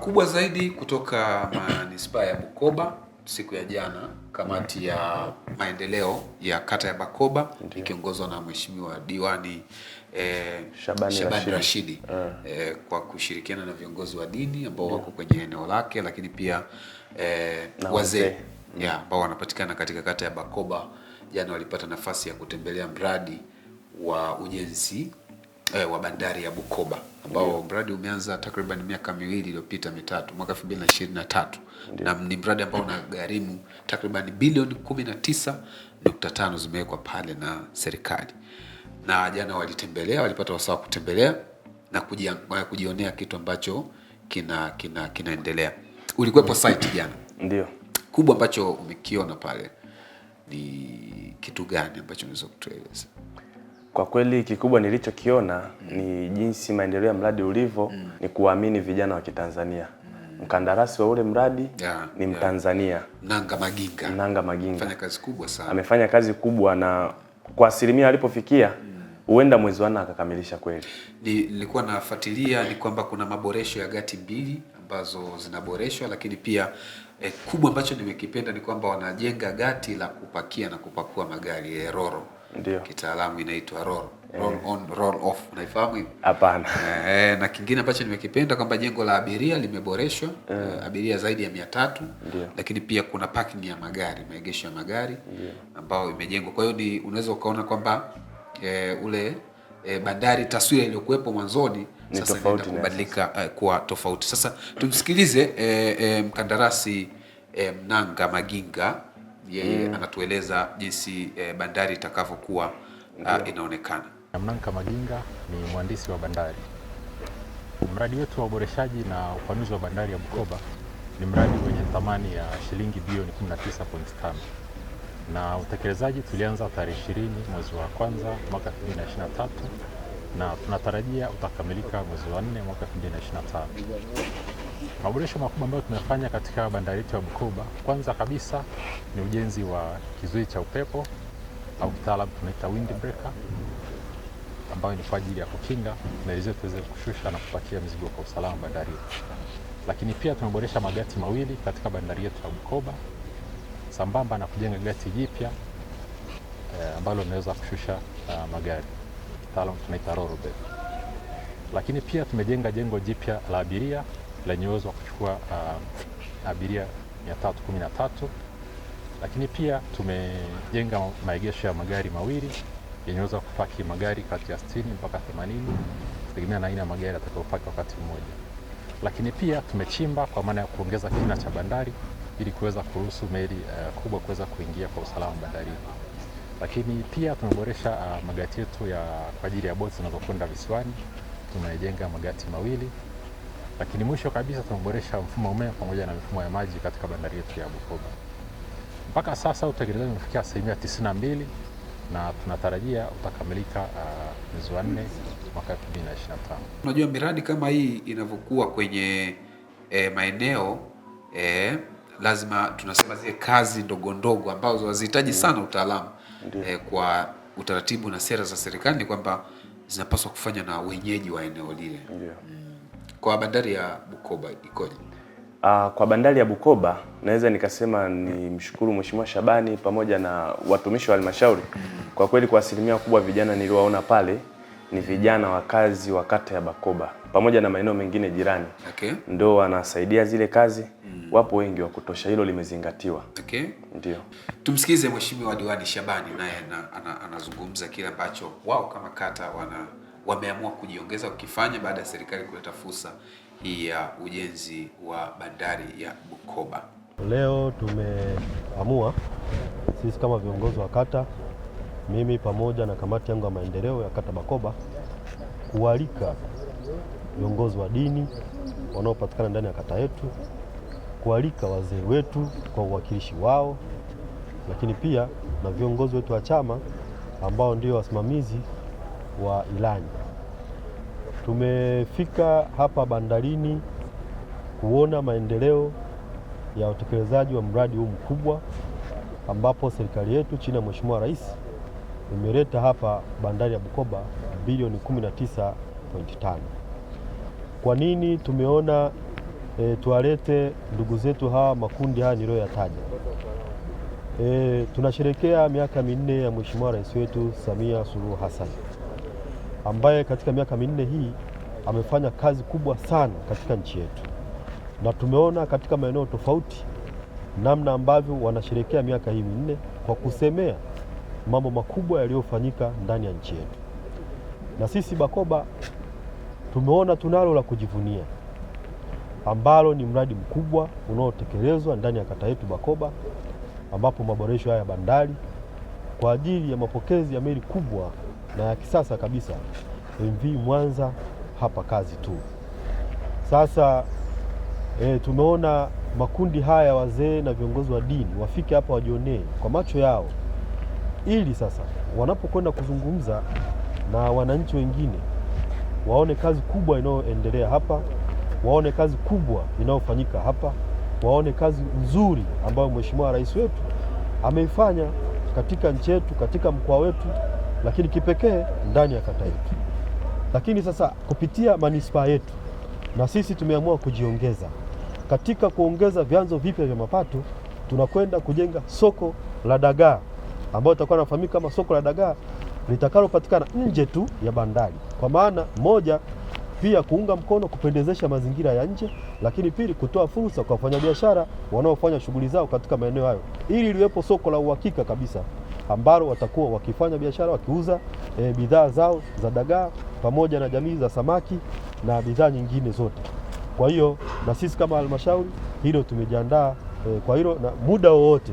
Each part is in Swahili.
Kubwa zaidi kutoka manispaa ya Bukoba siku ya jana, kamati ya maendeleo ya kata ya Bakoba ikiongozwa na mheshimiwa diwani eh, Shabani, Shabani Rashidi ah. eh, kwa kushirikiana na viongozi wa dini ambao wako kwenye eneo lake, lakini pia eh, wazee yeah, ambao wanapatikana katika kata ya Bakoba, jana walipata nafasi ya kutembelea mradi wa ujenzi eh, wa bandari ya Bukoba ambao mradi umeanza takriban miaka miwili iliyopita mitatu, mwaka 2023 na ni mradi ambao unagharimu takriban bilioni 19.5 zimewekwa pale na serikali, na jana walitembelea, walipata wasaa wa kutembelea na eh, kujionea kitu ambacho kina kina kinaendelea. Ulikuwepo site jana, ndio kubwa ambacho umekiona pale, ni kitu gani ambacho unaweza kutueleza? Kwa kweli kikubwa nilichokiona mm. ni jinsi maendeleo ya mradi ulivyo mm. ni kuwaamini vijana wa Kitanzania mm. mkandarasi wa ule mradi yeah, ni Mtanzania yeah. Mnanga Maginga, Mnanga Maginga amefanya kazi kubwa sana, amefanya kazi kubwa na kwa asilimia alipofikia mm. huenda mm. mwezi wa nne akakamilisha kweli. Nilikuwa nafuatilia ni kwamba kuna maboresho ya gati mbili ambazo zinaboreshwa, lakini pia eh, kubwa ambacho nimekipenda ni kwamba wanajenga gati la kupakia na kupakua magari eh, roro ndio kitaalamu inaitwa roll roll on roll off, unaifahamu hiyo? Hapana. E, na kingine ambacho nimekipenda kwamba jengo la abiria limeboreshwa yeah. Eh, abiria zaidi ya mia tatu, lakini pia kuna parking ya magari, maegesho ya magari ambayo imejengwa. Kwa hiyo ni unaweza ukaona kwamba e, ule e, bandari taswira iliyokuwepo mwanzoni sasa inaenda kubadilika uh, kuwa tofauti. Sasa tumsikilize e, e, mkandarasi e, Mnanga Maginga yeye mm. anatueleza jinsi eh, bandari itakavyokuwa uh, inaonekana. Namnanka Maginga ni mhandisi wa bandari. Mradi wetu wa uboreshaji na upanuzi wa bandari ya Bukoba ni mradi wenye thamani ya shilingi bilioni 19.5 na utekelezaji tulianza tarehe 20 mwezi wa kwanza mwaka 2023 na tunatarajia utakamilika mwezi wa 4 mwaka 2025. Maboresho makubwa ambayo tumefanya katika bandari yetu ya Bukoba, kwanza kabisa ni ujenzi wa kizuizi cha upepo au kitaalamu tunaita windbreaker, ambayo ni kwa ajili ya kukinga meli zetu ziweze kushusha na kupakia mizigo kwa usalama yetu. Lakini pia tumeboresha magati mawili katika bandari yetu ya Bukoba sambamba na kujenga gati jipya eh, ambalo linaweza kushusha uh, magari kitaalamu tunaita rorobet. Lakini pia tumejenga jengo jipya la abiria lenye uwezo wa kuchukua uh, abiria 313 lakini pia tumejenga maegesho ya magari mawili yenye uwezo wa kupaki magari kati ya 60 mpaka 80 kutegemea na aina ya magari atakayopaki wakati mmoja. Lakini pia tumechimba kwa maana ya kuongeza kina cha bandari ili kuweza kuruhusu meli uh, kubwa kuweza kuingia kwa usalama bandarini. Lakini pia tumeboresha uh, magati yetu ya kwa ajili ya boti zinazokwenda visiwani. Tumejenga magati mawili lakini mwisho kabisa tumeboresha mfumo wa umeme pamoja na mifumo ya maji katika bandari yetu ya Bukoba. Mpaka sasa utekelezaji umefikia asilimia 92 na tunatarajia utakamilika uh, mwezi uh, wa nne mwaka 2025. Unajua miradi kama hii inavyokuwa kwenye e, maeneo e, lazima tunasema zile kazi ndogo ndogo ambazo hazihitaji sana utaalamu e, kwa utaratibu na sera za serikali ni kwamba zinapaswa kufanywa na wenyeji wa eneo lile. Kwa bandari ya Bukoba ikoje? Uh, kwa bandari ya Bukoba naweza nikasema ni mshukuru Mheshimiwa Shabani pamoja na watumishi wa halmashauri. Kwa kweli kwa asilimia kubwa vijana niliowaona pale ni vijana wakazi wa kata ya Bakoba pamoja na maeneo mengine jirani, okay. Ndo wanasaidia zile kazi mm. Wapo wengi wa kutosha, hilo limezingatiwa, okay. Ndio tumsikize Mheshimiwa Diwani Shabani, naye anazungumza kile ambacho wao kama kata wana wameamua kujiongeza wakifanya baada ya serikali kuleta fursa hii ya ujenzi wa bandari ya Bukoba. Leo tumeamua sisi kama viongozi wa kata, mimi pamoja na kamati yangu ya maendeleo ya kata Bakoba, kualika viongozi wa dini wanaopatikana ndani ya kata yetu, kualika wazee wetu kwa uwakilishi wao, lakini pia na viongozi wetu wa chama ambao ndio wasimamizi wa Ilani. Tumefika hapa bandarini kuona maendeleo ya utekelezaji wa mradi huu mkubwa ambapo serikali yetu chini ya Mheshimiwa Rais imeleta hapa bandari ya Bukoba bilioni 19.5. Kwa nini tumeona e, tuwalete ndugu zetu hawa makundi haya niliyoyataja? E, tunasherekea miaka minne ya Mheshimiwa Rais wetu Samia Suluhu Hassan ambaye katika miaka minne hii amefanya kazi kubwa sana katika nchi yetu, na tumeona katika maeneo tofauti namna ambavyo wanasherehekea miaka hii minne kwa kusemea mambo makubwa yaliyofanyika ndani ya nchi yetu. Na sisi Bakoba tumeona tunalo la kujivunia ambalo ni mradi mkubwa unaotekelezwa ndani ya kata yetu Bakoba, ambapo maboresho haya ya bandari kwa ajili ya mapokezi ya meli kubwa na ya kisasa kabisa MV Mwanza hapa kazi tu. Sasa e, tumeona makundi haya wazee na viongozi wa dini wafike hapa wajionee kwa macho yao, ili sasa wanapokwenda kuzungumza na wananchi wengine waone kazi kubwa inayoendelea hapa, waone kazi kubwa inayofanyika hapa, waone kazi nzuri ambayo Mheshimiwa Rais wetu ameifanya katika nchi yetu, katika mkoa wetu, lakini kipekee ndani ya kata yetu. Lakini sasa kupitia manispaa yetu na sisi tumeamua kujiongeza katika kuongeza vyanzo vipya vya mapato. Tunakwenda kujenga soko la dagaa ambayo itakuwa nafahamika kama soko la dagaa litakalopatikana nje tu ya bandari, kwa maana moja pia kuunga mkono kupendezesha mazingira ya nje, lakini pili kutoa fursa kwa wafanyabiashara wanaofanya shughuli zao katika maeneo hayo, ili liwepo soko la uhakika kabisa ambalo watakuwa wakifanya biashara wakiuza e, bidhaa zao za dagaa pamoja na jamii za samaki na bidhaa nyingine zote. Kwa hiyo na sisi kama halmashauri hilo tumejiandaa e, kwa hilo na muda wowote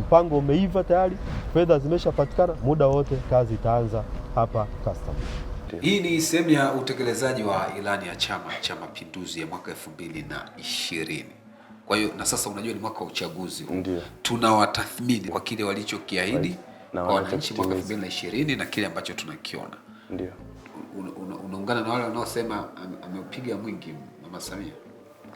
mpango umeiva tayari, fedha zimeshapatikana, muda wowote kazi itaanza hapa Custom. Hii ni sehemu ya utekelezaji wa ilani ya Chama cha Mapinduzi ya mwaka elfu mbili na ishirini. Kwa hiyo na sasa unajua ni mwaka wa uchaguzi, tunawatathmini kwa kile walichokiahidi kwa wananchi mwaka elfu mbili na ishirini na kile ambacho tunakiona. Ndio unaungana na wale wanaosema ameupiga mwingi Mama Samia.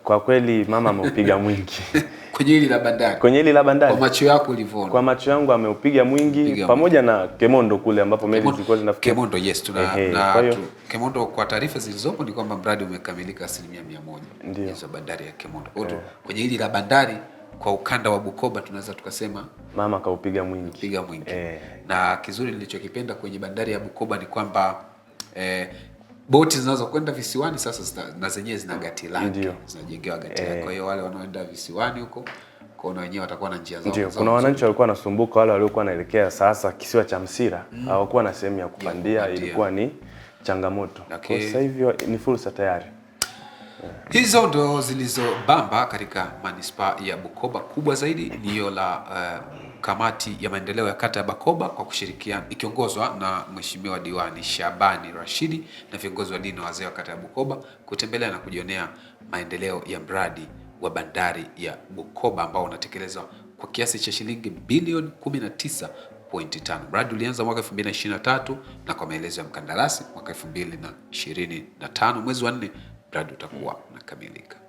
Kwa kweli mama ameupiga mwingi kwenye hili la bandari, kwenye hili la bandari, kwa macho yako ulivyoona. Kwa macho yangu ameupiga mwingi Piga pamoja mwingi. na Kemondo kule ambapo meli zilikuwa zinafika Kemondo. Yes, tuna hey. na kwa kwayo, Kemondo kwa taarifa zilizopo ni kwamba mradi umekamilika asilimia mia moja hizo bandari ya Kemondo kwa hiyo yeah. Kwenye hili la bandari kwa ukanda wa Bukoba tunaweza tukasema mama kaupiga mwingi, piga mwingi eh. Na kizuri nilichokipenda kwenye bandari ya Bukoba ni kwamba eh, boti zinazokwenda visiwani sasa na zenyewe zina gati lake, zinajengewa gati eh. lake. Kwa hiyo wale wanaoenda visiwani huko kuna wenyewe watakuwa na njia zao. Ndio, kuna wananchi walikuwa wanasumbuka, wale waliokuwa wanaelekea sasa kisiwa cha Msira mm. hawakuwa na sehemu ya kupandia, ilikuwa ni changamoto. Okay. Kwa sasa hivi ni fursa tayari. Hizo ndo zilizobamba katika manispaa ya Bukoba. Kubwa zaidi ni hiyo la uh, kamati ya maendeleo ya kata ya Bakoba kwa kushirikiana ikiongozwa na Mheshimiwa Diwani Shabani Rashidi na viongozi wa dini na wazee wa kata ya Bukoba kutembelea na kujionea maendeleo ya mradi wa bandari ya Bukoba ambao unatekelezwa kwa kiasi cha shilingi bilioni 19.5. Mradi ulianza mwaka 2023 na kwa maelezo ya mkandarasi mwaka 2025 mwezi wa 4 mradi utakuwa unakamilika.